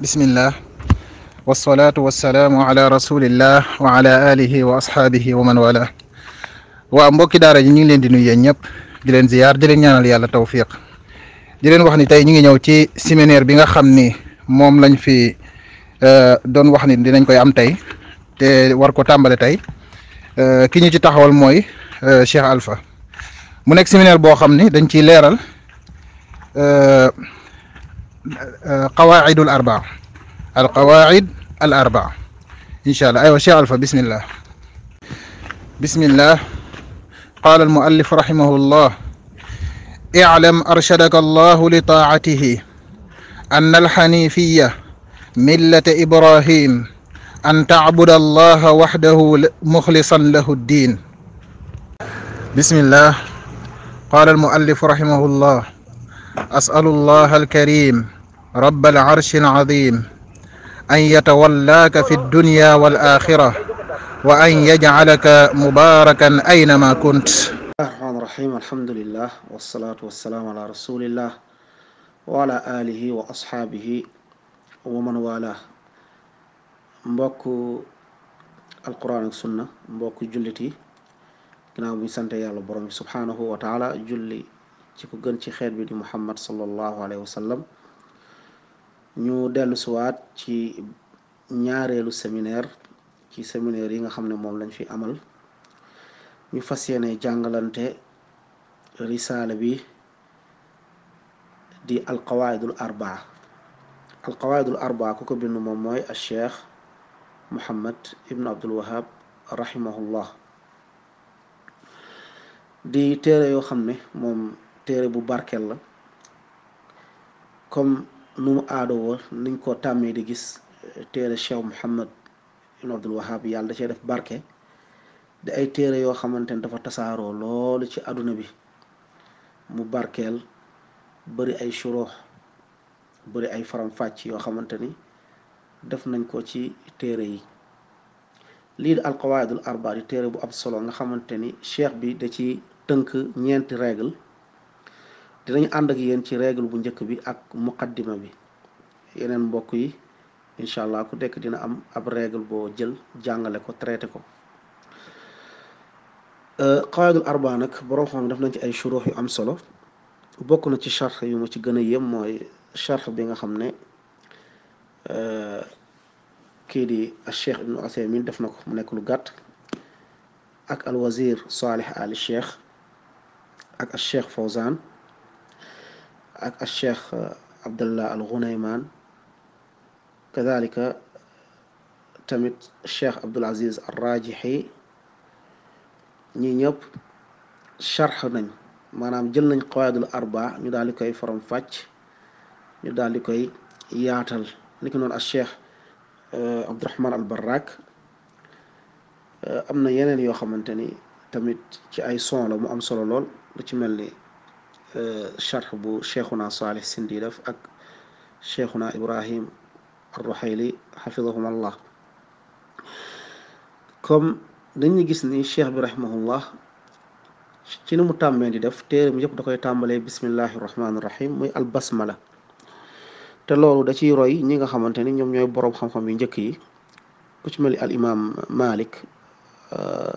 بسم الله والصلاة والسلام على رسول الله وعلى آله وأصحابه ومن والاه وأمبوك دارا نيغي لين دي نوي نياب دي لين زيار دي لين نيانال يالا توفيق دي لين واخني تاي نيغي نياو تي سيمينير بيغا خامني موم لاني في دون واخني دي نانكوي ام تاي تي واركو تامبالي تاي كي نيجي تاخول موي شيخ الفا مو نيك سيمينير بو خامني دنجي ليرال القواعد الأربعة القواعد الأربعة إن شاء الله أيوة شيء ألفا بسم الله بسم الله قال المؤلف رحمه الله اعلم أرشدك الله لطاعته أن الحنيفية ملة إبراهيم أن تعبد الله وحده مخلصا له الدين بسم الله قال المؤلف رحمه الله أسأل الله الكريم رب العرش العظيم أن يتولاك في الدنيا والآخرة وأن يجعلك مباركا أينما كنت الرحمن الرحيم الحمد لله والصلاة والسلام على رسول الله وعلى آله وأصحابه ومن والاه مبوك القرآن والسنة مبوك جلتي كنا بسنت يا سبحانه وتعالى جلي تكو جنتي خير بدي محمد صلى الله عليه وسلم ñu dellu waat ci ñaareelu séminaire ci séminaire yi nga xam ne moom lañ fi amal ñu fas yéene jàngalante bi di alqawaidul arbaa alqawaidul arba ku ko bind moom mooy cheikh muhammad ibnu abdul wahab rahimahullah di téere yoo xam ne moom bu barkel la comme nu mu aado woon niñ ko tàmmee di gis eh, téere cheikh Mouhammad ibn Abdul Wahab yàlla da cee def barke di ay téere yoo xamante ne dafa tasaaroo loolu ci àdduna bi mu barkeel bëri ay suroox bëri ay faram-fàcc yoo xamante ni def nañ ko ci téere yi lii di alqawaidul arba di téere bu am solo nga xamante ni cheikh bi da ci tënk ñeenti règle dinañ ànd ak yéen ci règle bu njëkk bi ak muqaddima bi yeneen mbokk yi incha allah ku nekk dina am ab règle boo jël jàngale ko traité ko qawaidul arba nag borom xam def nañ ci ay shuruux yu am solo bokk na ci charx yu ma ci gën a yëm mooy charx bi nga xam ne kii di cheikh ibnu Usaymin def na ko mu nekk lu gàtt ak al wazir Salih Ali Cheikh ak al cheikh Fawzan ak al cheikh Abdallah al Ghunayman كذلك tamit cheikh abdul aziz arrajixi ñi ñëpp charx nañ maanaam jël nañ qawaidul arba ñu daal di koy faram fàcc ñu daal di koy yaatal ni ko noonu ak cheikh abdurahman al barak am na yeneen yoo xamante ni tamit ci ay son la mu am solo lool lu ci mel ni charx bu cheikhuna saalih sindi def ak cheikhuna ibrahim ar-Ruhayli xafidahumullah comme dañuy gis ni cheikh bi rahimahullah ci ni mu tàmmee di def téere mu yëpp da koy tàmbalee bismillahi rahmaani rahim muy albasmala te loolu da ciy roy ñi nga xamante ni ñoom ñooy boroom xam-xam yu njëkk yi ku ci mel ni al imam malik euh,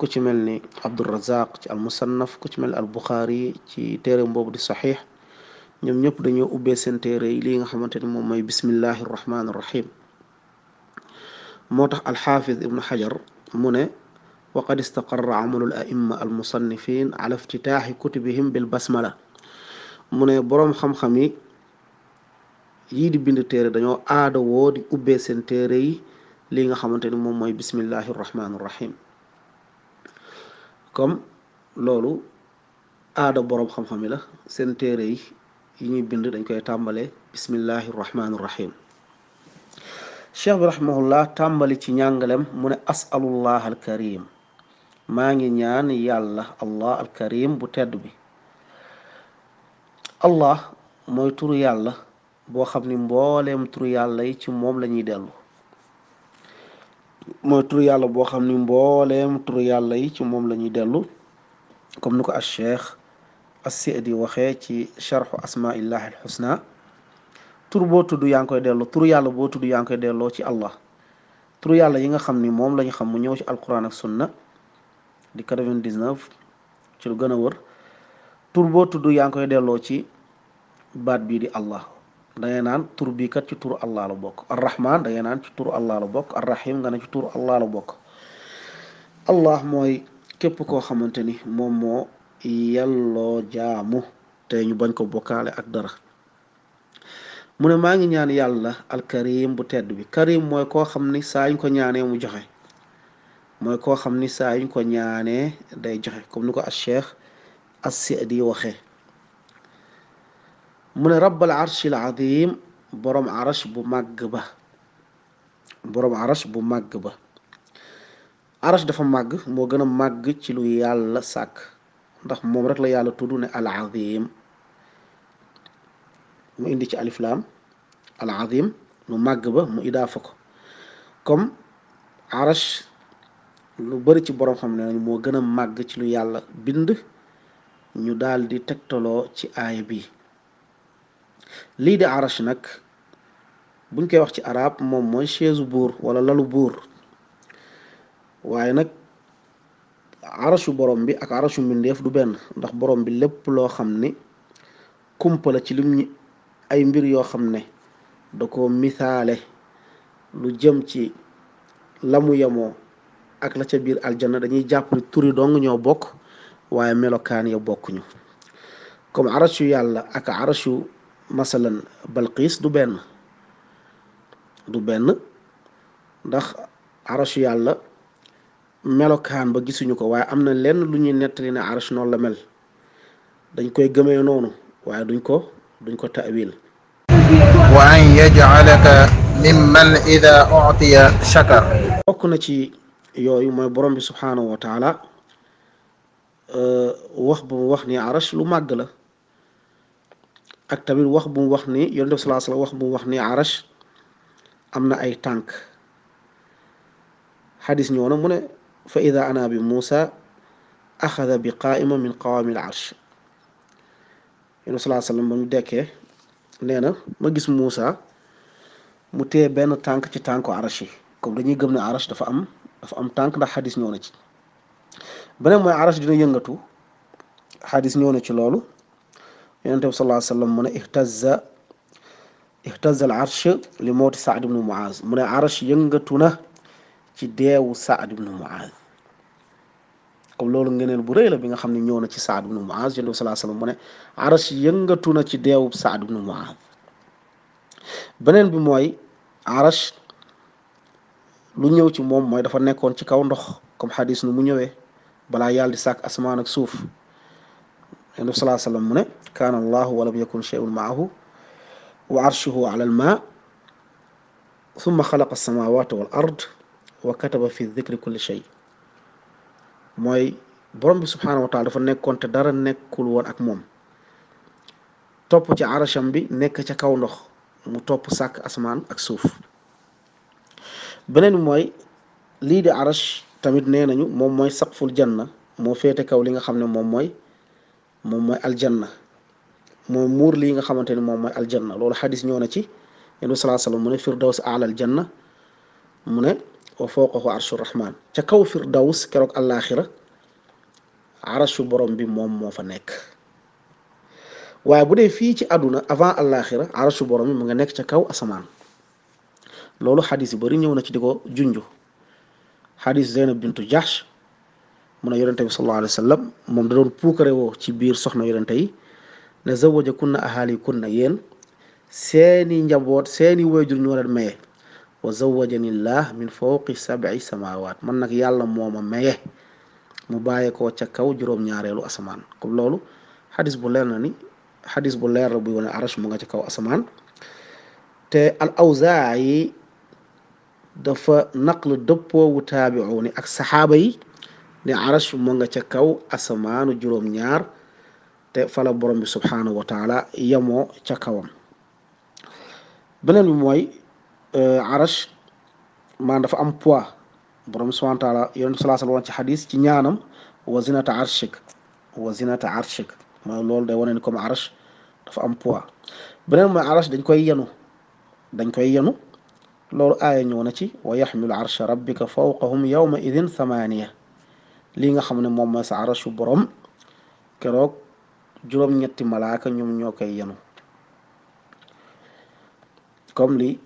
ku ci mel ni abdurazaq ci al musannaf ku ci mel ni al buxaari ci téere boobu di saxiix ñom ñep dañu ubbé sen téré yi lii nga xamanteni mom moy bismillahir rahmanir rahim motax al hafiz ibn hajar muné wa qad istaqarra amalu al aimma al musannifin ala iftitah kutubihim bil basmala muné borom xam-xam yi yi di bind téré dañu aada wo di ubbé sen téré yi li nga xamanteni mom moy bismillahir rahmanir rahim comme lolu aada borom xam-xam yi la sen téré yi yi ñuy bind dañ koy tàmbale bismillahi rahmaani rahim cheikh bi rahimahullah tàmbali ci njàngalem mu ne asalullah alkarim maa ngi ñaan yàlla allah alkarim bu tedd bi allah moy turu yàlla boo xam ni mbooleem turu dellu mooy turu yàlla yi ci moom la dellu comme ni ko al cheikh as-Sa'di waxee ci charxu asmaillahi alxusna tur boo tudd yaa ngi koy delloo tur yàlla boo tudd yaa delloo ci allah tur yàlla yi nga xam ni moom lañ xam mu ñëw ci alquran ak sunna di 99 ci gën a wër tur boo tudd yaa ngi koy delloo ci baat bii di allah dangay naan tur bii kat ci tur allah la bokk arrahman dangay naan ci tur allah la bokk arrahim nga ne ci tur allah la bokk mooy képp koo xamante moom moo yelloo jaamu te ñu bañ ko bokkaale ak dara mu ne maa ngi ñaan yàlla alkarim bu tedd bi karim mooy koo xam ni saa ko ñaanee mu joxe mooy koo xam ni saa ko ñaanee day joxe comme ni ko al cheikh as-Sa'di mu ne rabbal arshil azim borom arash bu màgg ba borom arash bu màgg ba arash dafa màgg moo gën a màgg ci lu yàlla sàkk ndax moom rek la yàlla tudd ne al azim mu indi ci alif laam al azim lu màgg ba mu idaafa ko comme arash lu bari ci borom xam ne nañ moo gën a màgg ci lu yàlla bind ñu daldi di tegtaloo ci aaya bi lii di arash nag buñ koy wax ci arab moom mooy chaise buur wala lalu buur waaye nag arasu borom bi ak arasu mbindeef du benn ndax borom bi lépp loo xam ne kumpa ci lim ñi ay mbir yoo xam ne da ko misaale lu jëm ci lamu yemoo ak la ca biir aljana dañuy jàpp ni turi dong ñoo bokk waaye melokaan ya bokkuñu comme arasu yàlla ak arasu masalan balqiis du benn du benn ndax arasu yàlla melokaan ba gisuñu ko waaye am na lenn lu ñuy nettali ne arsh noonu la mel dañ koy gëmee noonu waaye duñ ko duñ ko ta'wil wa an bokk na ci yooyu mooy borom bi subhaanahu wa euh, wax bu wax ni arsh lu màgg la ak tamit wax bu wax ni yonent wax mu wax ni arsh am na ay tànk xadis ñoo mu ne فإذا أنا بموسى أخذ بقائمة من قوام العرش إن صلى الله عليه وسلم بمو ديكي نينا ما جيس موسى متي بين تانك تي تانك عرشي كم دنيا قبنا عرش دفعم دفعم تانك دا حديث نيونة بنا موي عرش دينا ينغتو حديث نيونة لولو ينتب صلى الله عليه وسلم من اهتز اهتز العرش لموت سعد بن معاذ من عرش ينغتونا تي ديو سعد بن معاذ kom loolu ngëneel bu rëy la bi nga xam ne ñëw na ci Saad ibnu Muaz yonent bi salaa sallam mu ne aras yëngatu na ci deewu Saad ibnu Muaz beneen bi mooy aras lu ñëw ci moom mooy dafa nekkoon ci kaw ndox comme xadis nu mu ñëwee balaa yàlla di sàkk asmaan ak suuf yonent bi salaa sallam mu ne kaana allahu walam yakun cheyun maahu wa arshuhu ala alma ثم خلق السماوات والأرض وكتب في الذكر كل شيء mooy borom bi subhaanahu wa taala dafa nekkoon te dara nekkul woon ak moom topp ci arasham bi nekk ca kaw ndox mu topp sàkk asmaan ak suuf beneen mooy lii de arash tamit ne nañu moom mooy saqful janna moo féete kaw li nga xam ne moom mooy moom mooy aljanna mooy muur lii nga xamante ni moom mooy aljanna loolu xadis ñoo na ci yéen salaa sallam mu ne firdaws alal janna mu ne wa fawqahu arshu rahman ca kaw firdaws keroog àllaaxira arshu borom bi moom moo fa nekk waaye bu dee fii ci àdduna avant àllaaxira arshu borom bi mu nga nekk ca kaw asamaan loolu xadis yu bëri ñëw na ci di ko junju xadis zeynab bintu jahsh mu ne yonente bi sallallahu alayhi wa sallam moom da doon puukare woo ci biir soxna yonente yi ne zawaja kunna ahali kunna yéen seeni njaboot seeni wayjur ñu war a maye wa zawajani llah min fawqi sabi samawaat man nag yàlla moo ma maye mu bàyyee ko ca kaw juróom-ñaareelu asamaan comme loolu xadis bu leer na ni xadis bu leer la buy wane arash mu nga ca kaw asamaan te al awzaa yi dafa naql dëppoowu taabiu ni ak saxaaba yi ne arash mu nga ca kaw asamaanu juróom-ñaar te fala borom bi subhaanahu wa taala yemoo ca kawam beneen bi mooy Euh, arash maanaam dafa am poids borom subhana taala yonent salaa sal ci xadis ci ñaanam wa zinata arshik wa zinata arshik ma loolu day wane ni comme arash dafa am poids beneen mooy arash dañ koy yenu dañ koy yenu loolu aaya ñëw na ci wa yaxmilu arsha rabbika fawqahum yawma idin lii nga xam ne moom mooy sa arashu borom keroog juróom-ñetti malaaka ñoom ñoo koy yenu comme li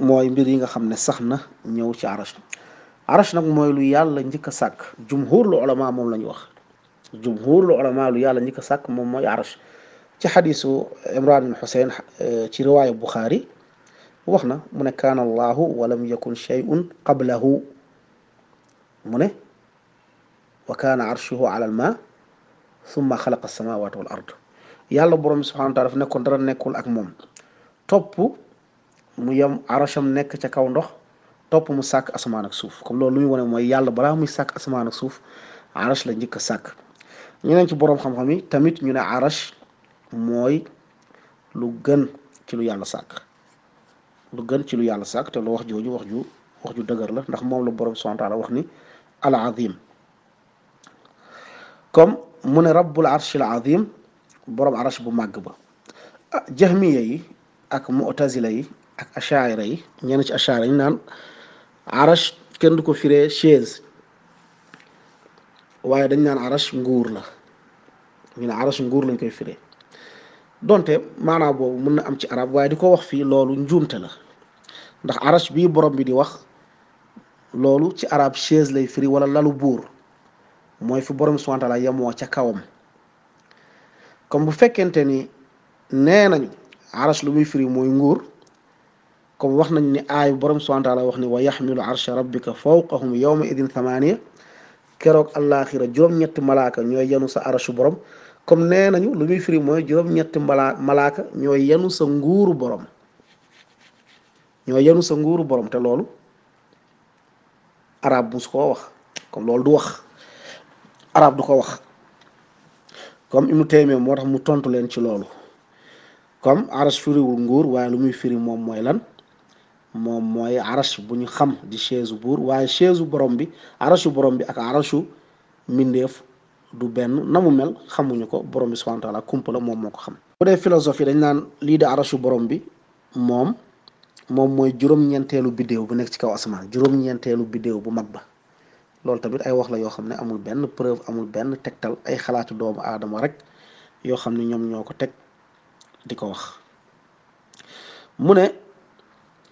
mooy mbir yi nga xam ne sax na ñëw ci arash arash nag mooy lu yàlla njëkk a sàkk jumhurul ulama moom la ñu wax jumhurul ulama lu yàlla njëkk a sàkk moom mooy arash ci xadisu imran bin xuseyn ci riwaaya buxaari wax na mu ne kaana allahu walam yakun shay'un qablahu mu ne wa kaana arshuhu ala al ma summa xalaqa alsamawat wal yàlla borom bi nekkoon dara nekkul ak moom topp mu yem aracham nekk ca kaw ndox topp mu sàkk asamaan ak suuf comme loolu lu muy wane mooy yàlla balaa muy sàkk asamaan ak suuf arach la njëkk a sàkk ñeneen ci boroom xam-xam tamit ñu ne arach mooy lu gën ci lu yàlla sàkk lu gën ci yàlla sàkk te lu wax jooju wax ju wax ju dëgër la ndax moom la boroom subhanahu wa wax ni al azim comme mu ne rabbul arsh al azim boroom arash bu màgg ba ah, jahmiya yi ak mu'tazila layi ak achaira yi ñenn ci achaira yi naan arash kenn du ko firee chaise waaye dañ naan arash nguur la ñu ne arash nguur lañ koy fire donte maanaam boobu mën na am ci arab waaye di ko wax fii loolu njuumte la ndax arash bii borom bi di wax loolu ci arab chaise lay firi wala lalu buur mooy fi borom subhanahu wa taala yemoo ca kawam comme bu fekkente ni nee arash lu muy firi mooy nguur كم وحنا نعي برم سوان تعالى وحنا ويحمل عرش ربك فوقهم يوم إذن ثمانية كروك الله خير جرم نيت ملاك نيو ينو سا عرش برم كم نينا نيو لمي فري مو جرم نيت ملاك نيو ينو سا نغور برم نيو ينو سا نغور برم تلولو عرب بوسكو وخ كم لول دو وخ عرب دوكو وخ كم إمو تيمي موتا مو تونتو لين تلولو كم عرش فري ونغور ويا لمي فري مو مو يلان مو moom mooy arash bu ñu xam di chaise buur waaye chaise borom bi arashu borom bi ak arashu mbindeef du benn namu mel xamuñu ko borom bi subhanahu wa taala la moom moo ko xam bu dañ naan lii di arashu borom bi moom moom mooy juróom-ñeenteelu biddéew bu nekk ci kaw asamaan juróom-ñeenteelu biddéew bu mag ba loolu tamit ay wax la yoo xam ne amul benn preuve amul benn tegtal ay xalaatu doomu aadama rek yoo xam ne ñoom ñoo ko teg di ko wax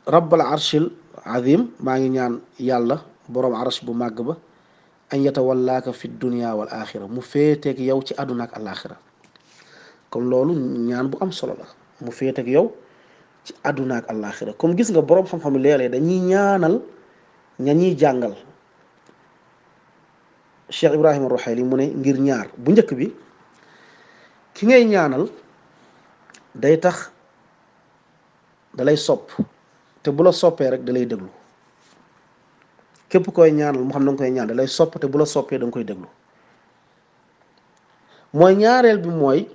rabbal arshil azim maa ngi ñaan yàlla borom arsh bu màgg ba an yatawallaaka fi dunia wal axira mu féeteeg yow ci àdduna ak al'axira kon loolu ñaan bu am solo la féeteeg yow ci àdduna ak comme gis nga borom xam-xam léeg-léeg dañuy ñaanal ña ñuy jàngal Cheikh Ibrahima Ruhayli mu ne ngir ñaar bu njëkk bi ki ngay ñaanal day tax dalay sopp te bu la soppee rek dalay lay déglu képp koy ñaanal mu xam da nga koy ñaan da lay sopp te bu la soppee da koy déglu mooy ñaareel bi mooy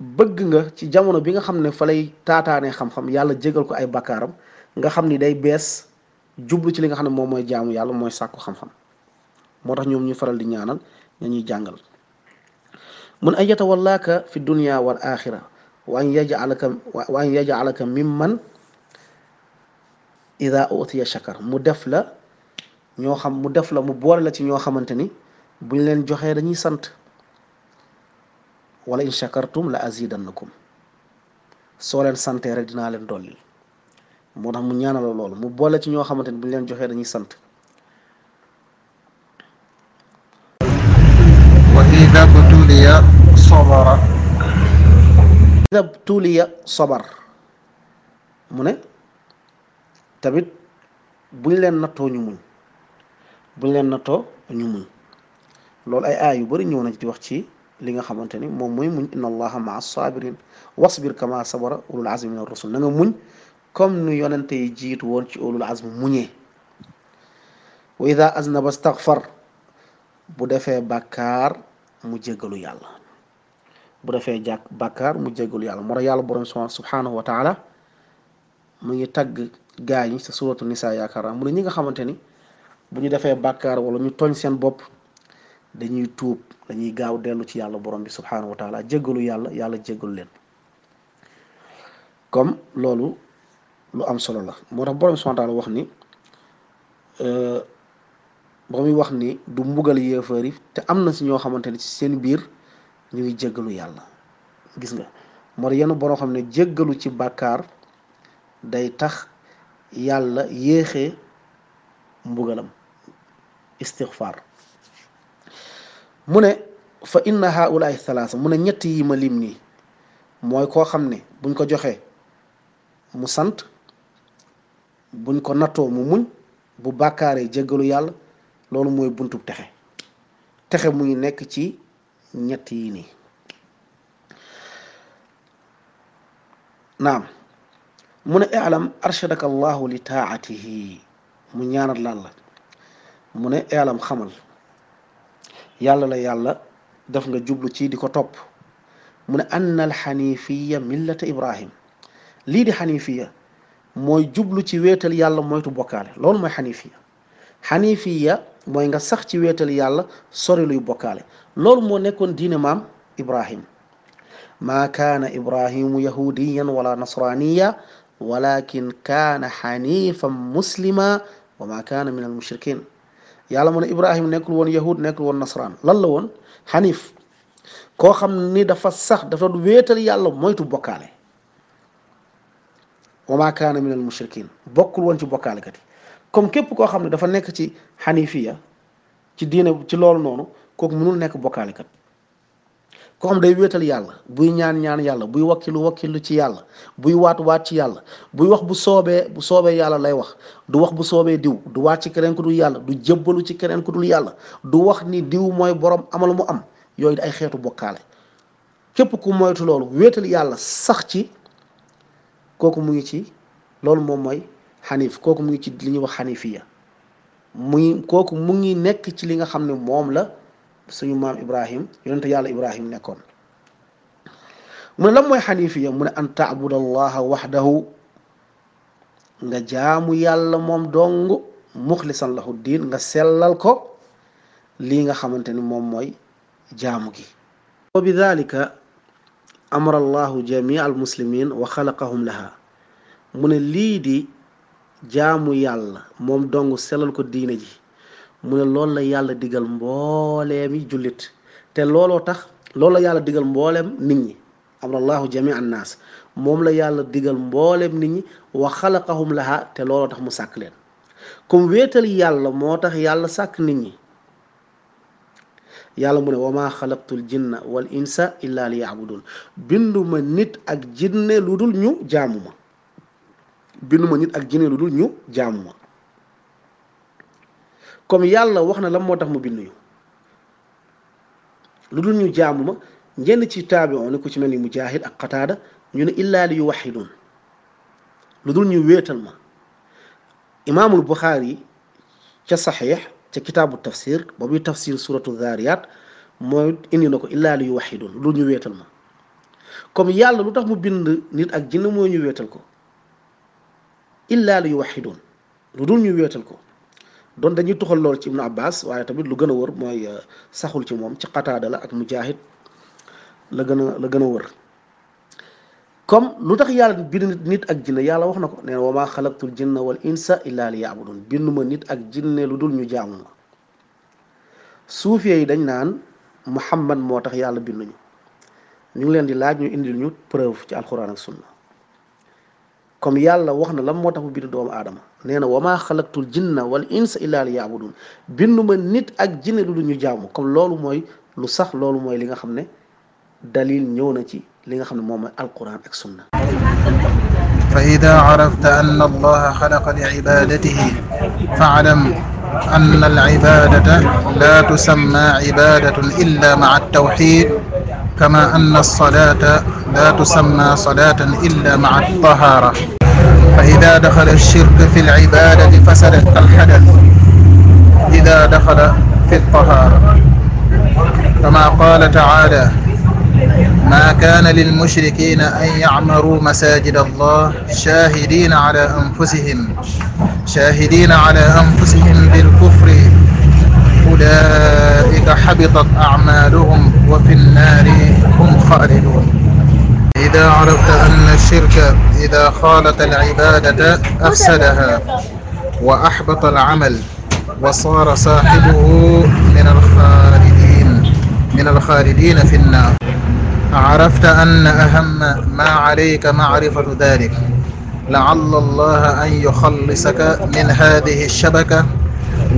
bëgg nga ci jamono bi nga xam ne fa lay taataanee xam-xam yàlla jegal ko ay bakkaaram nga xam ni day bees jublu ci li nga xam ne moom mooy jaamu yàlla mooy sàkku xam-xam moo tax ñoom ñu faral di ñaanal nga ñuy jàngal mun an yatawallaaka fi dunya wal axira wa an yajalaka wa an yajalaka mimman ida utiya shakar mu def la ñoo xam mu def la mu boola la ci ñoo xamante ni buñ leen joxee dañuy sant wala in shakartum la azidannakum soo leen santee rek dinaa leen dolli moo tax mu ñaanal loolu mu boole ci ñoo xamante ni buñ leen joxee dañuy sant wa ida butuliya sobara ida butuliya sobar mu ne tamit buñ leen nattoo ñu muñ buñ leen nattoo ñu muñ loolu ay aay yu bari ñëw nañ di wax ci li nga xamante ni moom mooy muñ inna allaha maa sabirin wasbir kama sabara ulul azmi min ar-rusul na nga muñ comme nu yonente yi jiitu woon ci ulul azmi muñee wa idha aznaba staghfar bu defee bàkkaar mu jéggalu yàlla bu defee jàk bàkkaar mu jéggalu yàlla moo tax yàlla borom subhanahu wa taala mu ngi tagg gaa yi sa suratu nisa yaakaar mu ne ñi nga xamante ni bu ñu defee bàkkaar wala ñu tooñ seen bopp dañuy tuub dañuy gaaw dellu ci yàlla borom bi subhanahu wa taala jéggalu yàlla yàlla jéggalu leen comme loolu lu am solo la moo tax borom bi wax ni euh, ba muy wax ni du mbugal yéefar yi te am na si ñoo xamante ni ci seen biir ñu ngi jéggalu yàlla gis nga moo tax yenn borom xam ne jéggalu ci bàkkaar day tax yàlla yéexee mbugalam istixfaar mu ne fa inna haulaay salaasa mu ne ñett yi ma lim nii mooy koo xam ne buñ ko joxee mu sant buñ ko nattoo mu muñ bu bàkkaaree jéggalu yàlla loolu mooy buntub texe texe mu ngi nekk ci ñett yi nii naam mu ne ilam arshadaka allahu li taatihi mu ñaanal yàlla mu ne ilam xamal yàlla la yàlla def nga jublu ci di ko topp mu ne anna alxanifiya millata ibrahim lii di xanifiya mooy jublu ci wéetal yàlla moytu bokkaale lool mooy xanifiya xanifiya mooy nga sax ci wéetal yàlla sori luy bokkaale loolu moo nekkoon diine maam ibrahim maa kaana ibrahimu yahudiyan wala nasraniya ولكن كان حنيفا مسلما وما كان من المشركين يعلم ان ابراهيم نيكول وون يهود نيكول وون نصران لا لا وون حنيف كو خم ني دا فا صح دا فد ويتال يالا مويتو بوكالي وما كان من المشركين بوكول وون سي بوكالي كاتي كوم كيب كو خم دا فا نيك سي حنيفيه سي دين سي لول نونو كوك منول نيك بوكالي كاتي ko xam day wetal yàlla buy ñaan ñaan yàlla buy wakkilu wakkilu ci yàlla buy waat ci yàlla buy wax bu soobee bu soobee yàlla lay wax du wax bu soobee diw du waat ci keneen ku dul yàlla du jébbalu ci keneen ku dul yàlla du wax ni diw mooy borom amal mu am yooyu ay xeetu bokkaale képp ku moytu loolu wéetal yàlla sax ci kooku mu ngi ci loolu moom mooy xanif kooku mu ngi ci li ñuy wax kooku mu ngi nekk ci li nga xam ne moom la suñu maam ibrahim yonente yàlla ibrahim nekkoon mu ne lan mooy xanifiya mu ne an taabud allaha waxdahu nga jaamu yàlla moom dong muxlisan lahu diin nga sellal ko lii nga xamante ni moom mooy jaamu gi wa bi dalika amara allahu jamia al muslimin wa xalaqahum laha mu ne lii di jaamu yàlla moom dong sellal ko diine ji mu ne loolu la yàlla digal mbooleemi jullit te looloo tax loolu la yàlla digal mbooleem nit ñi abrallahu jami an nas moom la yàlla digal mbooleem nit ñi wa xalaqahum laha te looloo tax mu sàkk leen kum wéetal yàlla moo tax yàlla sàkk nit ñi yàlla mu ne wa xalaqtul jinna wal insa illa li yaabudun binduma nit ak jinne lu dul ñu jaamuma ma binduma nit ak jinne lu dul ñu jaamuma comme yàlla waxna lam motax mu bindu ñu lu ñu jaamuma ñen ci taabion ni ku ci melni mujahid ak qatada ñu ne illa li yuwaxidun lu ñu wetal ma imam al bukhari buxaari sahih saxiix kitab al tafsir bo bi tafsir surat al zaariyaat mooy indi nako illa li yuwaxidun lu ñu wetal ma comme yàlla lutax mu bind nit ak jinn mo ñu wetal ko illa li yuwaxidun lu ñu wetal ko doon dañuy tuxal loolu ci ibnu abbas waaye tamit lu gën a wër mooy euh, saxul ci moom ci qataada la ak mujahid la gën a la gën a wër comme lu tax yàlla bind nit ak jinne yàlla wax na ko nee na wa maa xalaqtul jinna wal insa illa li doon bindu ma nit ak jinne lu dul ñu jaamu ma suufee yi dañ naan muhammad moo tax yàlla binduñu ñu ngi leen di laaj ñu indil ñu preuve ci alxuraan ak sunna comme yàlla wax na lan moo taxu mu doomu aadama nee na wa maa xalaqtul jinna wal insa illa li yaabudun binduma nit ak jinne lu ñu jaamu comme loolu mooy lu sax loolu mooy li nga xam ne dalil ñëw na ci li nga xam ne moom mooy alquran ak sunna فإذا عرفت أن الله خلق لعبادته فاعلم أن العبادة لا تسمى عبادة إلا مع التوحيد كما أن الصلاة لا تسمى صلاة إلا مع الطهارة فإذا دخل الشرك في العبادة فسدت الحدث إذا دخل في الطهارة كما قال تعالى ما كان للمشركين أن يعمروا مساجد الله شاهدين على أنفسهم شاهدين على أنفسهم بالكفر أولئك حبطت أعمالهم وفي النار هم خالدون إذا عرفت أن الشرك إذا خالط العبادة أفسدها وأحبط العمل وصار صاحبه من الخالدين من الخالدين في النار عرفت أن أهم ما عليك معرفة ذلك لعل الله أن يخلصك من هذه الشبكة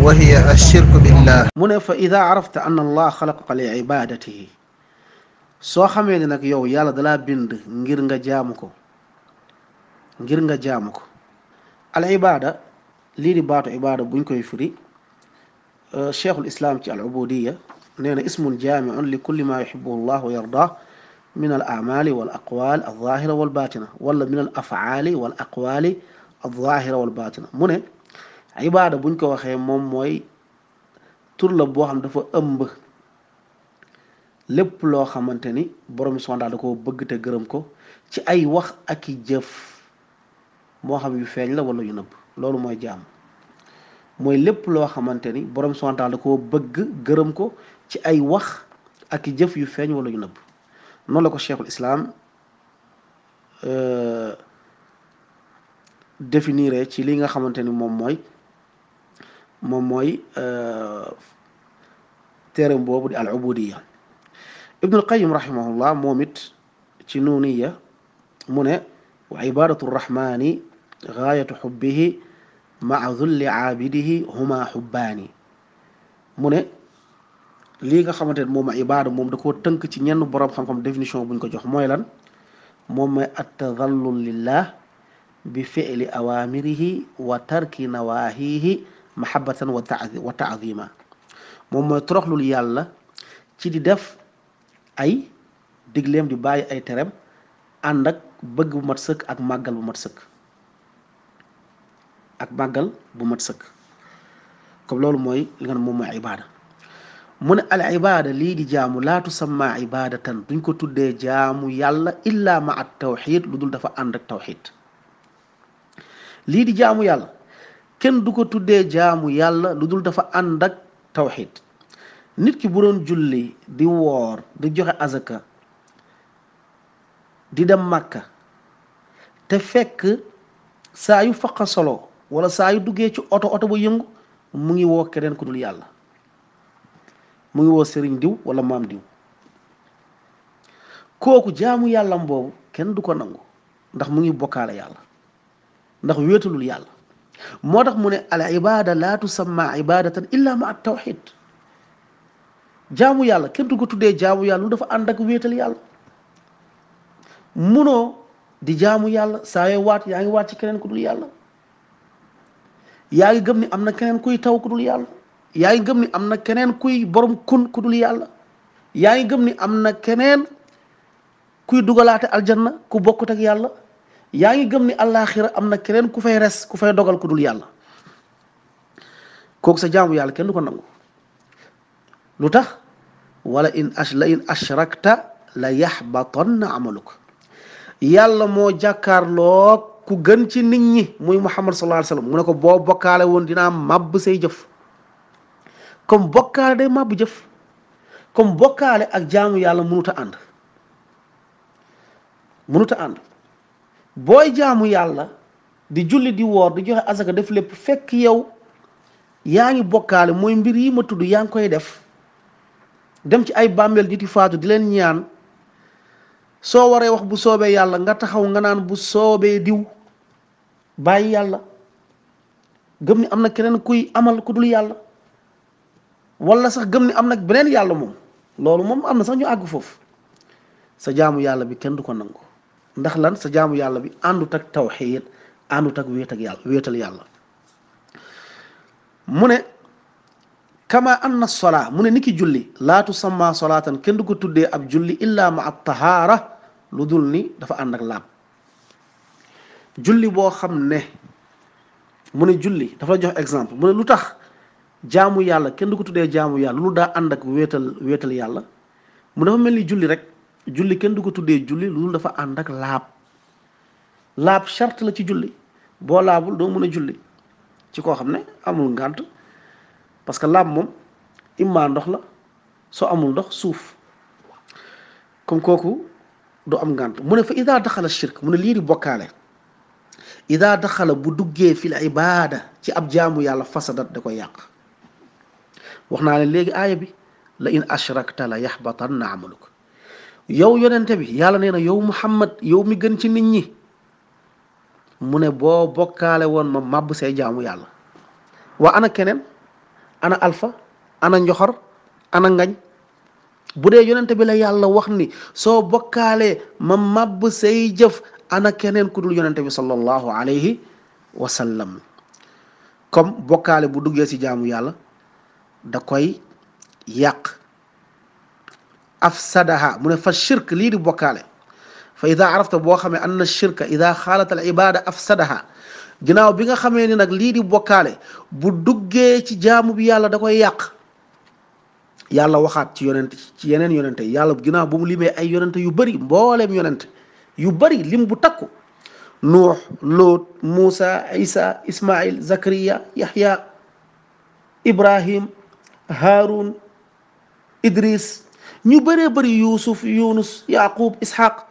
وهي الشرك بالله فإذا عرفت أن الله خلقك لعبادته soo xamee ne nag yow yàlla dalaa bind ngir nga jaamu ko ngir nga jaamu ko al ibaada lii di baatu ibaada buñ koy firi uh, cheikhul islam ci al ubudiya nee na ismun jaamiun li kulli ma yuxibuhu llah wa yardah min al al zahira wala min al afaali mu ne ibaada buñ ko waxee moom mooy tur la boo xam dafa ëmb lépp loo xamante ni borom subhaana da ko bëgg te gërëm ko ci ay wax aki jëf moo xam yu feeñ la wala yu nëbb loolu mooy jaam mooy lépp loo xamante ni borom subhaana da ko bëgg gërëm ko ci ay wax aki jëf yu feeñ wala yu nëbb noonu la ko cheikhul islam euh, définir ci li nga xamante ni moom mooy moom mooy euh, téeram boobu di al ubudiya ibnul qayim rahimahullah moom it ci nuuniya mu ne wa ibadatu rrahmani gaayatu xubbihi maa dulli aabidihi huma xubbaani mu ne lii nga xamante ne moom ibaada moom da koo tënk ci ñenn boroom xam-xam définition buñ ko jox mooy lan moom mooy attadallul lillah bi fi'li awamirihi wa tarki nawahihi mahabatan wa taadima moom mooy toroxlul yàlla ci di def ay digleem di bàyyi ay tereem ànd bëgg bu mat sëkk ak màggal bu mat sëkk ak màggal bu mat sëkk loolu mooy li nga ne moom mooy ibaada mu ne al ibaada lii di jaamu laatu sama ibaadatan duñ ko tuddee jaamu yàlla illa ma at tawxid lu dafa ànd ak lii di jaamu yàlla kenn du ko tuddee jaamu yàlla lu dul dafa ànd ak nit ki bu doon julli di woor di joxe azaka di dem màkka te fekk saayu yu solo wala saayu duggee ci oto oto ba yëngu mu ngi woo keneen ku dul yàlla mu ngi woo sëriñ diw wala maam diw kooku jaamu yàllam boobu kenn du ko nangu ndax mu ngi bokkaale yàlla ndax wéetalul yàlla moo tax mu ne al ibada laa tusamma ibadatan illa ma at tawxid jaamu yàlla kenn du tuddee jaamu yàlla lu dafa ànd ak wéetal yàlla munoo di jaamu yàlla saa yoo waat yaa ngi waat ci keneen ku dul yàlla yaa ngi gëm ni am na keneen kuy taw ku dul yàlla gëm ni am na keneen kuy borom kun ku dul yàlla yaa ngi gëm ni am na keneen kuy dugalaate aljanna ku bokkut ak yàlla yaa ngi gëm ni àllaaxira am na keneen ku fay res ku fay dogal ku dul yàlla kooku sa jaamu yàlla kenn du ko nangu lu tax wala in ash la in ashrakta la yaxbatanna amaluk yàlla moo jàkkaarloog ku gën ci nit ñi muy muhammad sallallahu alayhi wasallam mu ne ko boo bokkaale woon dinaa màbb say jëf comme bokkaale day màbb jëf comme bokkaale ak jaamu yàlla mënut a ànd mënut a ànd booy jaamu yàlla di julli di woor di joxe asaka def lépp fekk yow yaa ngi bokkaale mooy mbir yi ma tudd yaa ngi koy def dem ci ay bàmmeel nit yi faatu di leen ñaan soo waree wax bu soobee yàlla nga taxaw nga naan bu soobee diw bàyyi yàlla gëm ni am na keneen kuy amal ku dul yàlla wala sax gëm ni am nag beneen yàlla moom loolu moom am na sax ñu àgg foofu sa jaamu yàlla bi kenn du ko nangu ndax lan sa jaamu yàlla bi àndu ak tawxiid àndut ak wéet yàlla wéetal yàlla mu ne kama anna solaa mu ne niki julli laa tusamma solatan kenn du ko tuddee ab julli illa ma a tahaara lu dul ni dafa ànd ak laab julli boo xam ne mu ne julli dafa jox exemple mu ne lu tax jaamu yàlla kenn du ko tuddee jaamu yàlla lu daa ànd ak yàlla mu dafa mel ni julli rek julli kenn du ko tuddee julli lu dafa ànd ak laab laab charte la ci julli boo laabul doo mën a julli ci koo xam ne amul ngant parce que laab moom imma ndox la soo amul ndox suuf comme kooku du am ngànt mu fa ida daxala shirk mu ne di bokkaale ida daxala bu duggee fil ibada ci ab jaamu yàlla fasadat da koy yàq wax naa ne léegi aaya bi la in ashrakta la yaxbatanna amaluk yow yonente bi yàlla nee yow muhammad yow mi gën ci nit ñi mu ne boo bokkaale ma màbb say jaamu yàlla waa ana keneen ana alpha ana njoxor ana ngañ bu dee yonente bi la yàlla wax ni soo bokkaalee ma mab say jëf ana keneen ku dul yonente bi sallallahu alayhi wa sallam bokkaale bu duggee ci jaamu yàlla da koy yàq afsadaha mu ne fa shirk lii di bokkaale fa ida arafta boo xamee anna shirka ida xaalat al ibada afsadaha ginnaaw bi nga xamee ni nag lii di bokkaale bu duggee ci jaamu bi yàlla da koy yàq yàlla waxaat ci yonent ci yeneen yonente yi yàlla ginnaaw bu mu limee ay yonente yu bëri mbooleem yonente yu bëri lim bu takku nuux loot muusa isa ismail zakariya yahya ibrahim haarun idris ñu bëree bëri yusuf yunus yaqub ishaq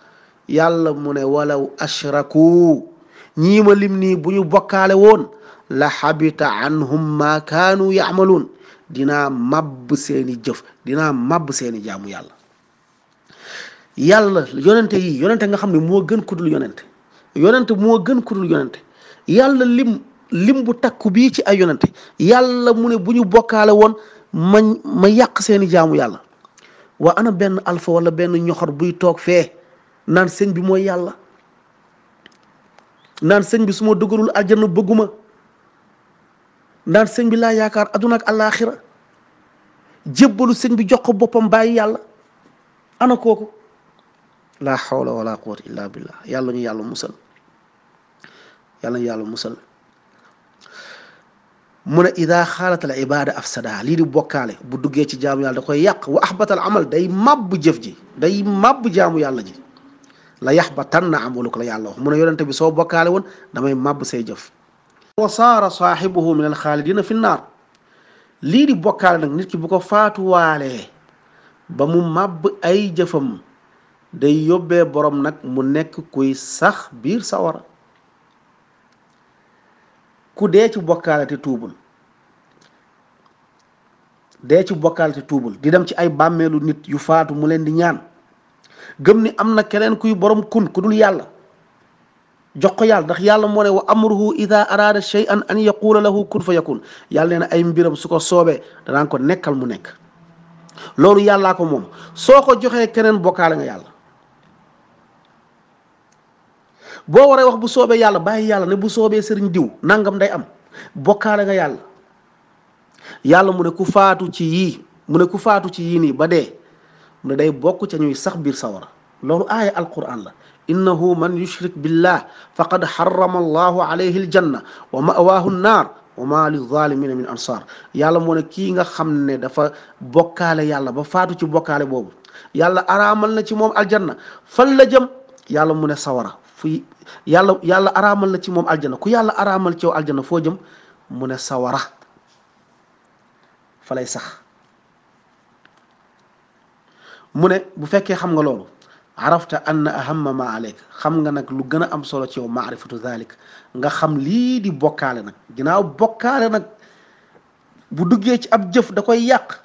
yàlla mu ne walaw ashraku ñii ma nii bu ñu bokkaale woon la xabita anhum maa kaanu yaamaluun dinaa màbb seeni jëf dinaa màbb seeni jaamu yàlla yàlla yonente yi yonente nga xam ne moo gën kudul yonente yonente moo gën kudul yonente yàlla lim lim bu takku bii ci ay yonente yàlla mu ne bu ñu bokkaale woon ma ma yàq seeni jaamu yàlla waa ana benn alfa wala benn ñoxor buy toog fee naan sëñ bi mooy yàlla naan sëñ bi su ma dugalul aljanna bëgguma naan sëñ bi laa yaakaar aduna ak àllaaxira jébbalu sëñ bi jox ko boppam bàyyi yàlla ana kooku laa xawla wala quwwata illa billah yàlla ñu yàlla musal yàlla ñu yàlla musal mu ne ida xaalat al ibada afsada lii di bokkaale bu duggee ci jaamu yàlla da koy yàq wa axbatal amal day màbb jëf ji day màbb jaamu yàlla ji لا يحبطن عملك يا الله من يرنت بسو بكالون دمي ماب سي جف وصار صاحبه من الخالدين في النار لي دي بوكال نك نيت كي بوكو فاتو والي بامو ماب اي جفم دي يوبي بروم نك مو نيك كوي سخ بير سوار كو دي تي بوكال تي توبل دي تي بوكال تي توبل دي دم تي اي باميلو نيت يو فاتو مولين دي نيان gëm ni am keneen kuy borom kun ku dul yàlla jox ko yàlla ndax yàlla moo ne wa amruhu ida arada shay'an an yaqula lahu kun fa yakun yàlla nee na ay mbiram su ko soobee danaan ko nekkal mu nekk loolu yàlla ko moom soo ko joxee keneen bokkaale nga yàlla boo waree wax bu soobee yàlla bàyyi yàlla ne bu soobee sëriñ diw nangam day am bokkaale nga yàlla yàlla mu ne ku faatu ci yii mu ne ku faatu ci yii nii ba dee ne day bokk ca ñuy sax biir sawara loolu aaya alquran la innahu man yushrik billah faqad harrama allahu alayhi aljanna wa mawaahu nnaar wa ma lizalimina min ansar yàlla moo ne kii nga xam dafa bokkaale yàlla ba faatu ci bokkaale boobu yàlla araamal na ci moom aljanna fan la jëm yàlla mu ne sawara fu yàlla yàlla araamal na ci moom aljanna ku yàlla araamal ci aljanna foo jëm mu ne sawara fa sax mune bu fekke xam nga lolu arafta anna ahamma ma alek xam nga nak lu gëna am solo ci yow ma'rifatu zalik nga xam li di bokale nak ginaaw bokale nak bu duggé ci ab jëf da koy yàq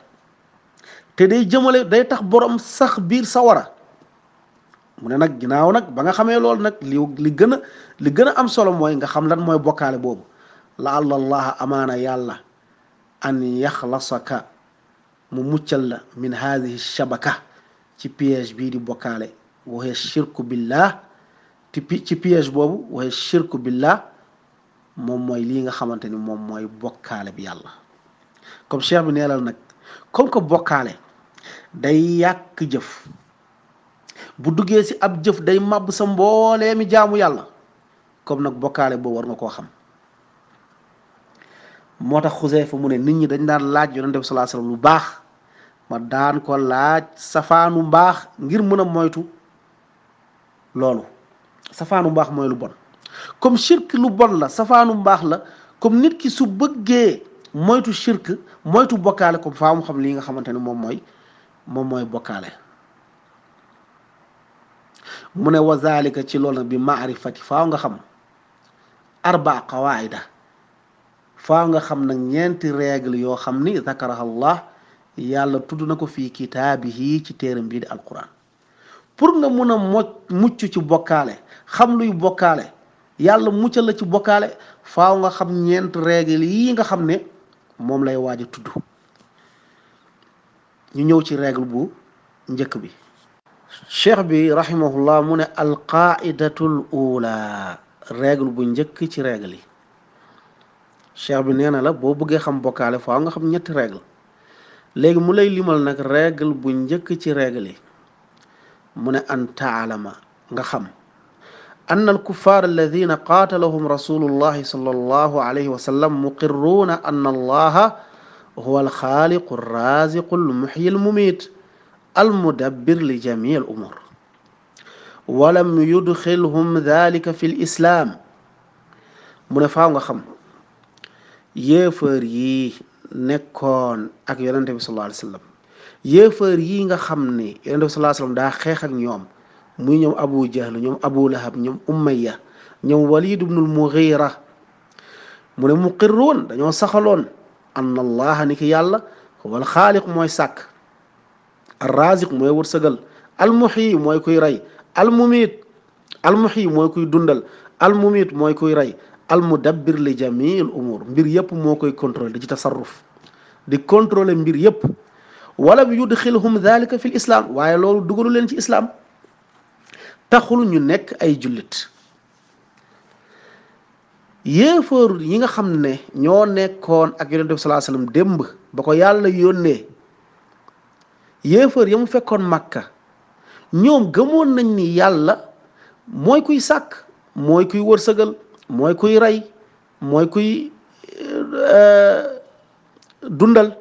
te day jëmele day tax borom sax bir sawara mune nak ginaaw nak ba nga xamé lolu nak li li gëna li gëna am solo moy nga xam lan moy bokale bobu la allah amana yàlla an yakhlasaka mu muccal la min hadhihi shabaka ci piège bii di bokkaale waxee shirku billah ci piège boobu waxee shirku billah moom mooy lii nga xamante ni moom mooy bokkaale bi yàlla comme cheikh bi neelal nag comme que bokkaale day yàq jëf bu duggee si ab jëf day màbb sa mboolee mi jaamu yàlla comme nag bokkaale boobu war nga koo xam moo tax xuseyfa mu ne nit ñi dañ daan laaj yonente bi salaa sallam lu baax ma daan ko laaj safaanu mbaax ngir mën a moytu loolu safaanu mbaax mooy lu bon comme shirk lu bon la safaanu mbaax la comme nit ki su bëggee moytu shirk moytu bokkaale comme faa xam lii nga xamante ne moom mooy moom mooy bokkaale mu ne wa zalika ci lool nag bi maarifati faaw nga xam arbaa qawaida faaw nga xam na ñeenti règle yoo xam ni zakaraha allah yàlla tudd na ko fii kitaabihi ci téeram bii di alquran pour nga mun a moc mucc ci bokkaale xam luy bokkaale yàlla muccal la ci bokkaale faw nga xam ñeent règle yii nga xam ne moom lay waaj a tudd ñu ñëw ci règle bu njëkk bi cheikh bi rahimahullah mu ne alqaidatul ula règle bu njëkk ci règle yi cheikh bi nee na la boo bëggee xam bokkaale faaw nga xam ñetti règle léegi mu lay limal nag règle bu njëkk ci règle yi mu ne an taalama nga xam an alkuffar alladina qaatalahum rasulullahi sallallahu alayhi wa sallam muqiruuna an allaha huwa alxaaliqu alraziqu almuxyi almumiit almudabbir li jamii al umur walam yudxilhum dalika fi lislaam mu ne faaw nga xam yéefar yii nekkoon ak yonente bi sallallahu alayhi wasallam yéefar yi nga xam ni yonente bi sallallahu alayhi wasallam daa xeex ak ñoom muy ñoom abu jahl ñoom abu lahab ñoom umayya ñoom walid ibnul mughira mu ne muqirruun dañoo saxaloon anna allaha ni ki yàlla wal xaaliq mooy sàkk al raziq mooy wërsëgal almuxyi mooy kuy rey almumiit almuxyi mooy kuy dundal almumiit mooy kuy rey al mudabbir li jamiil umur mbir yëpp moo koy contrôler di ci tasarruf di contrôler mbir yëpp walam yudxilhum dalika fi l islaam waaye loolu dugalu leen ci islaam taxul ñu nekk ay jullit yéefar yi nga xam ne ñoo nekkoon ak yonent bi salaa sallam démb ba ko yàlla yónnee yéefar ya fekkoon makka ñoom gëmoon nañ ni yàlla mooy kuy sàkk mooy kuy wërsëgal mooy kuy rey mooy kuy eh, eh, dundal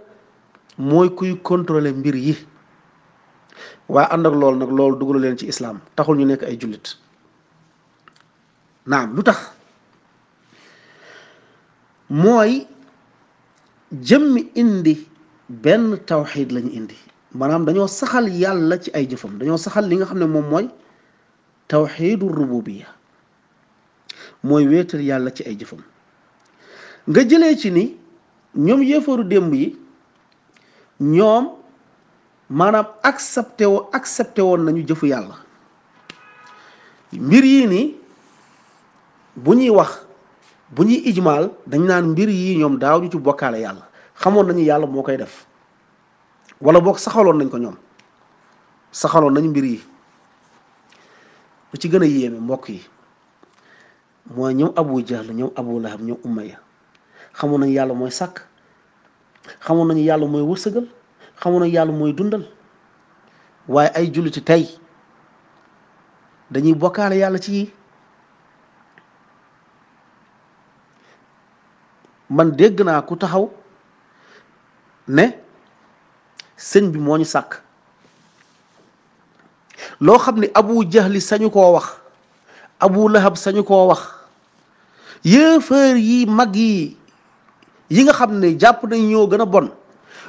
mooy kuy contrôler mbir yi waa ànd ak loolu nag loolu dugalu leen ci islaam taxul ñu nekk ay jullit naam lu tax mooy jëmmi indi benn tawxid lañu indi maanaam dañoo saxal yàlla ci ay jëfam dañoo saxal li nga xam ne moom mooy tawxidu rububiya mooy wéetal yàlla ci ay jëfam nga jëlee ci ni ñoom yéefaru démb yi ñoom maanaam accepté woo woon nañu jëfu yàlla mbir yii nii bu ñuy wax bu ñuy ijmaal dañ naan mbir yii ñoom daaw ñu ci bokkaale yàlla xamoon nañu yàlla moo koy def wala boog saxaloon nañ ko ñoom saxaloon nañu mbir yi lu ci gën a yéeme mbokk yi mooy ñoom abu jahl ñoom abu lahab ñoom umaya xamoon nañu yàlla mooy sàkk xamoon nañu yàlla mooy wërsëgal xamoon nañu yàlla mooy dundal waaye ay julliti tey dañuy bokkaale yàlla ci man dégg naa ku taxaw ne sëñ bi moo sakk loo xam ne abu jahli sañu koo wax abu lahab sañu koo wax yéefar yi mag yi yi nga xam ne jàpp nañ ñoo gën a bon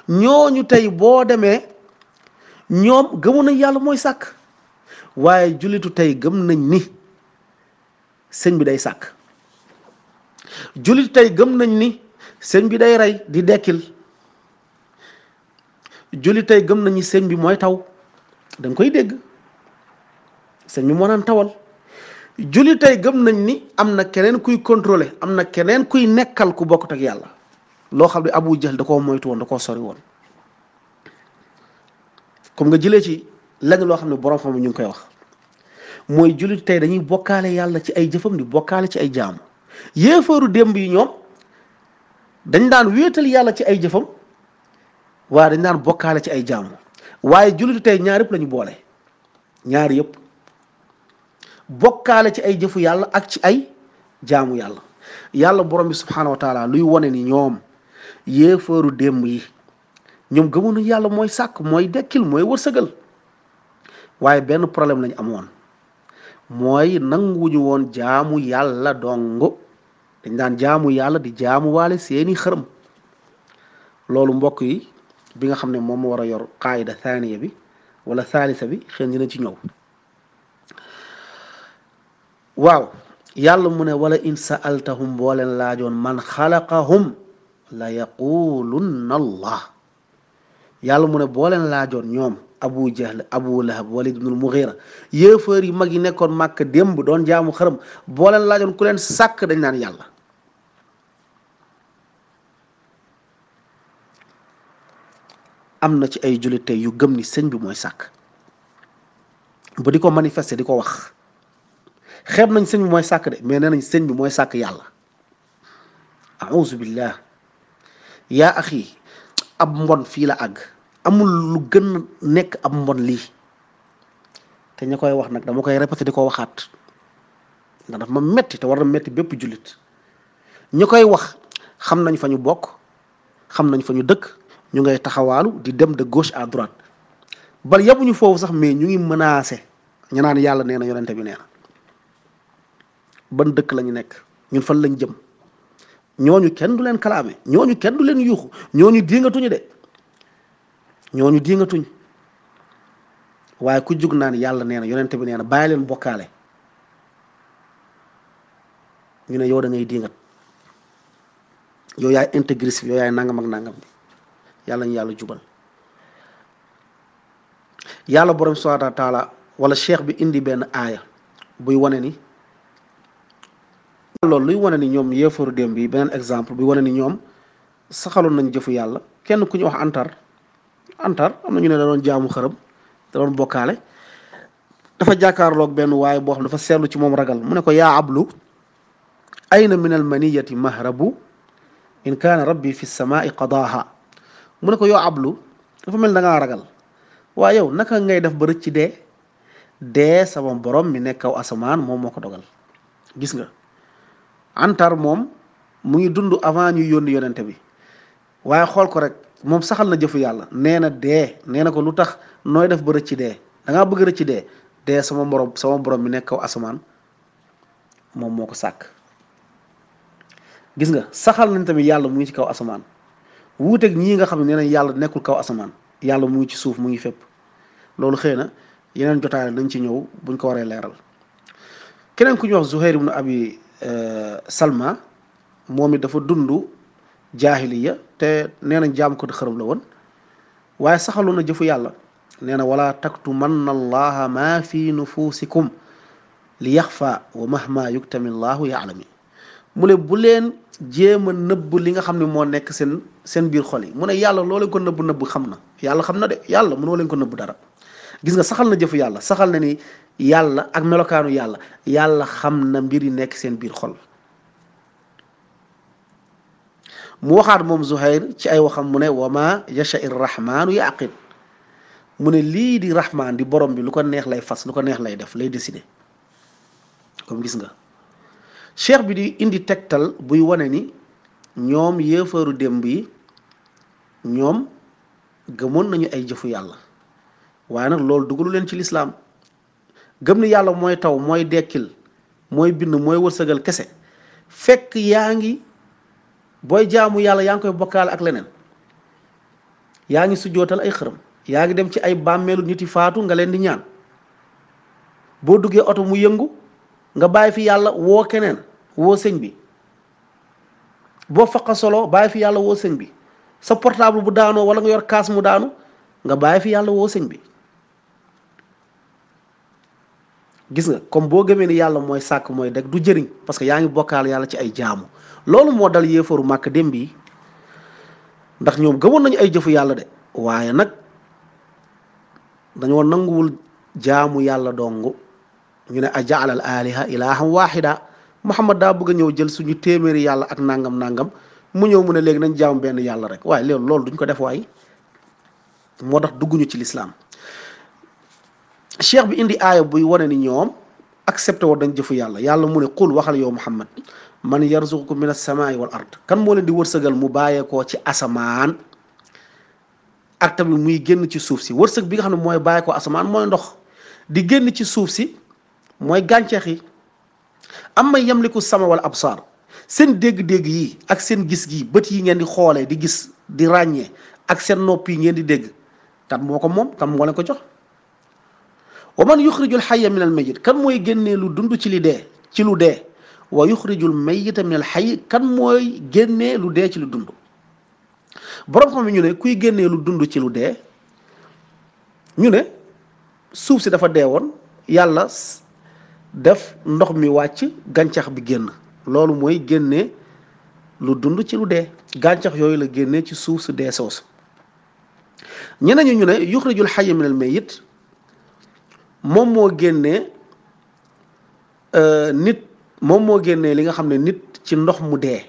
ñooñu tey boo demee ñoom gëmu na yàlla mooy sàkk waaye jullitu tey gëm nañ ni sëñ bi day sàkk jullitu tey gëm nañ ni sëñ bi day rey di dekkil jullit tey gëm nañu seen bi mooy taw danga koy dégg sëñ bi moo naan tawal jullit tey gëm nañ ni am na keneen kuy contrôler am na keneen kuy nekkal ku bokkut ak yàlla loo xam ne Abu Jahl da koo moytu woon da koo sori woon kom nga jëlee ci lenn loo xam ne borom ñu ngi koy wax mooy jullit dañuy bokkaale yàlla ci ay jëfam di bokkaale ci ay jaamu yéefaaru démb yi ñoom dañ daan wéetal yàlla ci ay jëfam waaye dañ daan bokkaale ci ay jaamu waaye jullit tey ñaar yëpp la boole ñaar yëpp. bokkaale ci ay jëfu yàlla ak ci ay jaamu yàlla yàlla borom bi subhaanahu wa luy wone ni ñoom yéefaaru démb yi ñoom gëmuñu yàlla mooy sàkk mooy dekkil mooy wërsëgal waaye benn problème lañ amoon mooy nanguwuñu woon jaamu yàlla dong dañ daan jaamu yàlla di jaamu waale seeni xërëm loolu mbokk yi bi nga xam ne moom moo war a yor qaayida thaniya bi wala thaalisa bi xëy na dina ci ñëw waaw yàlla mu ne wala in sa'altahum boo leen laajoon man xalaqahum la yaqulunna allah yàlla mu ne boo leen laajoon ñoom abu jahl abu lahab walid ibnul mughira yéefar yi mag yi nekkoon màkk démb doon jaamu xërëm boo leen laajoon ku leen sàkk dañ naan yàlla am na ci ay jullit tey yu gëm ni sëñ bi mooy sàkk bu di ko manifester di ko wax xeeb nañ sëñ bi mooy sàkk de mais nee nañ sëñ bi mooy sàkk yàlla auzu billah yaa axi ab mbon fii la àgg amul lu gën nekk ab mbon lii te ña koy wax nag dama koy répété di ko waxaat ndax daf ma metti te war na metti bépp jullit ñi koy wax xam nañ fa ñu bokk xam nañ fa ñu dëkk ñu ngay taxawaalu di dem de gauche à droite bal ñu foofu sax mais ñu ngi menacé ñu naan yàlla nee na yonente bi nee na ban dëkk la ñu nekk ñun fan lañ jëm ñooñu kenn du leen kalaame ñooñu kenn du leen yuuxu ñooñu diingatuñu de ñooñu diingatuñ waaye ku jug naan yàlla nee na yonent bi nee na bàyyi leen bokkaale ñu ne yow da ngay diingat yow yaay intégriste bi yaay nangam ak nangam bi yàlla ñu yàlla jubal yàlla borom subhanahu wa taala wala cheikh bi indi benn aaya buy wane ni loolu luy wane ni ñoom yéefaru dem bi beneen exemple bi wane ni ñoom saxaloon nañ jëfu yàlla kenn ku ñu wax antar antar am na ñu ne da doon jaamu xërëm da bokkaale dafa jàkkaarloog benn waaye boo xam dafa seetlu ci moom ragal mu ne ko yaa ablu ayna min almaniyati mahrabu in kaana rabbi fi samaai qadaaha mu ne ko yoo ablu dafa mel da ngaa ragal waaye yow naka ngay def ba rëcc dee dee sama borom mi nekk kaw asamaan moom moo ko dogal nga entar moom mu ngi dund avant ñuy yónni yonente bi waaye xool ko rek moom saxal na jëfu yàlla nee na dee nee na ko lu tax nooy def ba rëcc dee da ngaa bëgg rëcc dee dee sama borom sama borom mi nekk kaw asamaan moom moo ko sàkk gis nga saxal nañ tamit yàlla mu ngi ci kaw asamaan wuuteeg ñii nga xam ne yàlla nekkul kaw asamaan yàlla mu ngi ci suuf mu ngi fépp loolu xëy na yeneen jotaay nañ ci ñëw buñ ko waree leeral keneen ku ñu wax Zuhair ibn Abi Salma moom it dafa dund jaahiliya te nee nañ jaam ko xërëm la woon waaye saxaloon jëfu yàlla nee na wala taktumanna allaha ma fi nufusikum li yaxfa wa mahma yuktami llahu yaalami mule ne bu leen jéem a nëbb li nga xam ne moo nekk seen seen biir xol yi mu yàlla loo ko nëbb nëbb xam yàlla xam de yàlla mënoo leen ko nëbb dara gis nga saxal na jëfu yàlla saxal na ni yàlla ak melokaanu yàlla yàlla xam na mbir yi nekk seen biir xol mu waxaat moom Zuhair ci ay waxam mu ne wama yasha irrahmaanu yaqin mu ne lii di rahmaan di borom bi lu ko neex lay fas lu ko neex lay def lay décider comme gis nga cheikh bi di indi tegtal buy wone ni ñoom yéefaru démb bi ñoom gëmoon nañu ay jëfu yàlla waaye nag loolu dugalu leen ci lislaam gëm ni yàlla mooy taw mooy dekkil mooy bind mooy wërsëgal kese fekk yaa ngi booy jaamu yàlla yaa ngi koy bokkal ak leneen yaa ngi sujjootal ay xërëm yaa ngi dem ci ay bàmmeelu nit yi faatu nga leen di ñaan boo duggee oto mu yëngu nga bàyyi fi yàlla woo keneen woo sëñ bi boo solo bàyyi fi yàlla woo sëñ bi sa portable bu daanoo wala nga yor kaas mu daanu nga bàyyi fi yàlla woo sëñ bi gis nga comme boo gëmee ni yàlla mooy sàkk mooy dëgg du jëriñ parce que yaa ngi bokkaal yàlla ci ay jaamu loolu moo dal yéefaru màkk dem bi ndax ñoom gëmoon nañu ay jëfu yàlla de waaye nag dañoo nanguwul jaamu yàlla dong ñu ne ajaala al aliha ilahan wahida muhammad daa bëgg a ñëw jël suñu téeméeri yàlla ak nangam nangam mu ñëw mu ne léegi nañ jaamu benn yàlla rek waaye loolu loolu duñ ko def waaye moo tax dugguñu ci lislaam cheikh bi indi aaya buy wane ni ñoom accepté woon dañ jëfu yàlla yàlla mu ne qul waxal yow muhammad man yarzuqukum min as-samaa'i wal ard kan moo leen di wërsëgal mu bàyyeekoo ci asamaan ak tamit muy génn ci suuf si wërsëg bi nga xam ne mooy bàyyeekoo asamaan mooy ndox di génn ci suuf si mooy gàncax yi amma yamliku sama wal absaar seen dégg-dégg yi ak seen gis gi bët yi ngeen di xoolee di gis di ràññee ak seen nopp yi ngeen di dégg kan moo ko moom kan moo leen ko jox wa man yuxrijul xayya min al mayit kan mooy génnee lu dund ci li dee ci lu dee wa yuxrijul mayita min al xay kan mooy génnee lu dee ci lu dund borom xam ñu ne kuy génnee lu dund ci lu dee ñu ne suuf si dafa dee woon yàlla def ndox mi wàcc gàncax bi génn loolu mooy génnee lu dund ci lu dee gàncax yooyu la génnee ci suuf si dee soosu ñeneen ñu ne yuxrijul xayya min al mayit moom moo génnee euh, nit moom moo génnee li nga xam ne nit ci ndox mu dee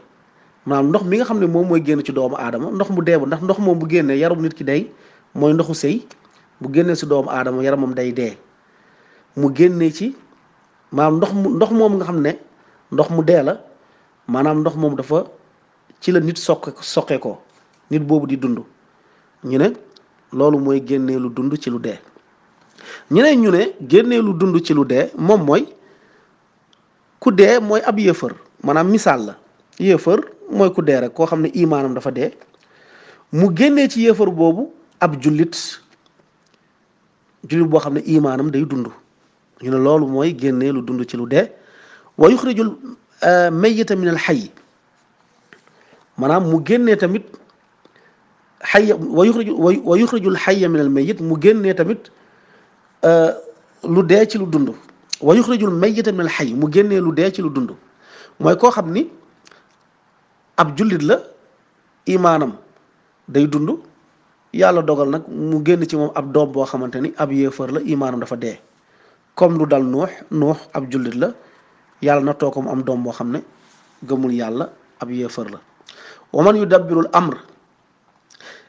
maanaam ndox mi xam ne moom mooy génn ci doomu aadama ndox mu dee bu ndax ndox moom bu génnee yaram nit ki day mooy ndoxu sëy bu génnee si doomu aadama yaramam day dee mu génnee ci maanaam ndox mu ndox moom nga xam ne ndox mu dee la maanaam ndox moom dafa ci la nit soq soqe ko nit boobu di dund ñu ne loolu mooy génnee lu dund ci lu dee ñu ne ñu ne génnee lu dund ci lu dee moom mooy ku dee mooy ab yëfër maanaam misaal la yëfër mooy ku dee rek koo xam ne imaanam dafa dee mu génnee ci yëfër boobu ab jullit jullit boo xam ne imaanam day dund ñu ne loolu mooy génnee lu dund ci lu dee wa yuxrijul euh, mayyita min al xay maanaam mu génnee tamit xay wa yuxriju wa yuxrijul xaya al mayyit mu génnee tamit Euh, lu dee ci lu dund wa yuxrijul mayyita minal hayy mu génnee lu dee ci lu dund mooy koo xam ni ab jullit la imaanam day dund yàlla dogal nag mu génn ci moom ab doom boo xamante ni ab yéefar la imaanam dafa dee comme lu dal nuux nuux ab jullit la yàlla na too mu am doom boo xam ne gëmul yàlla ab yéefar la wa man yudabbirul amr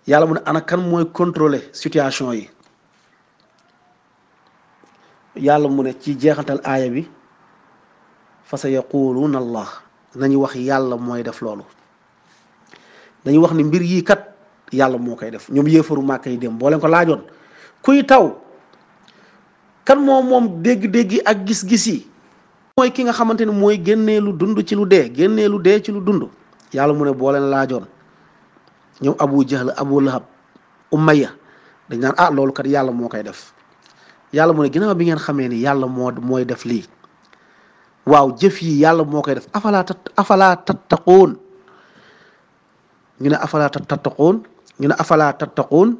yàlla mu ne anakan mooy contrôler situation yi yàlla mu ne ci jeexantal aaya bi fa sa na allah nañu wax yàlla mooy def loolu dañu wax ni mbir yii kat yàlla moo koy def ñoom yéefaru màkk yi dem boo leen ko laajoon kuy taw kan moom moom dégg-dégg ak gis-gis yi mooy ki nga xamante ne mooy génnee lu dund ci lu dee génnee lu dee ci lu dund yàlla mu ne boo laajoon ñoom abu jahl abu lahab umayya dañ naan ah loolu kat yàlla moo koy def yàlla mu ne ginnaaw bi ngeen xamee ni yàlla moo mooy def lii waaw jëf yi yàlla moo koy def afalaa tat afalaa tattaqoon ñu ne afalaa tattaqoon ñu ne afalaa tattaqoon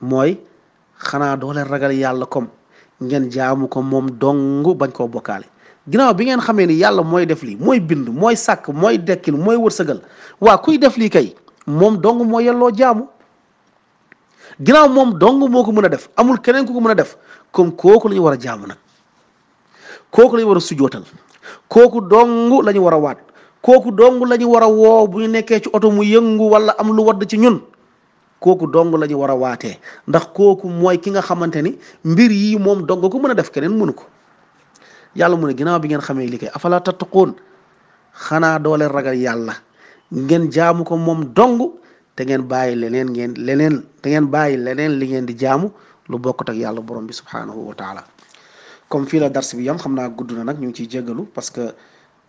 mooy xanaa doo leen ragal yàlla kom ngeen jamu ko moom dong bañ koo bokkaale ginnaaw bi ngeen xamee ni yàlla mooy def lii mooy bind mooy sàkk mooy dekkil mooy wërsëgal waa kuy def lii kay moom dong moo yelloo jaamu ginnaaw moom dong moo ko mën a def amul keneen ku ko mën a def comme kooku lañu ñu war a jaamu nag kooku la ñu war a sujootal kooku dong la war a waat kooku dong la ñu war a woo bu ñu nekkee ci oto mu yëngu wala am lu wadd ci ñun kooku dong la ñu war a waatee ndax kooku mooy ki nga xamante ni mbir yii moom dong ko mën a def keneen mënu ko yàlla mu ne ginnaaw bi ngeen xamee li kay afala tattaqoon xanaa doo ragal yàlla ngeen jaamu ko moom dong te ngeen bàyyi leneen ngeen leneen te ngeen bàyyi leneen li ngeen di jaamu lu bokkut ak yàlla borom bi subhaanahu wa taala comme fii la dars bi yam xam naa gudd na nag ñu ngi ciy jégalu parce que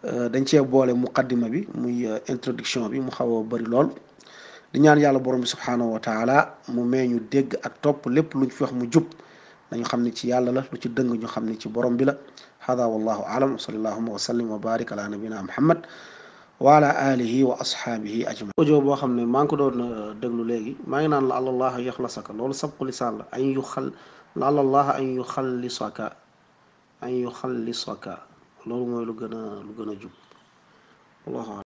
euh, dañ cee boole muqaddima bi muy euh, introduction bi mu xawoo a bëri lool di yàlla borom bi subhaanahu wa mu mee ñu dégg ak topp lépp luñ fi wax mu jub nañu xam ne ci yàlla la lu ci dëng ñu xam ne ci borom bi la hada wallahu alam wa sallallahu wa sallim wa barik ala nabina muhammad wa ala alihi wa ashaabihi ajmain audio boo xam ne maa ngi ko doon euh, déglu léegi maa ngi naan la àlallaaha yaxlasaka loolu sabqu lisaan la an yu xal la àlallaaha an yu xallisaka an yu xallisaka loolu mooy lu gën a lu gën a jub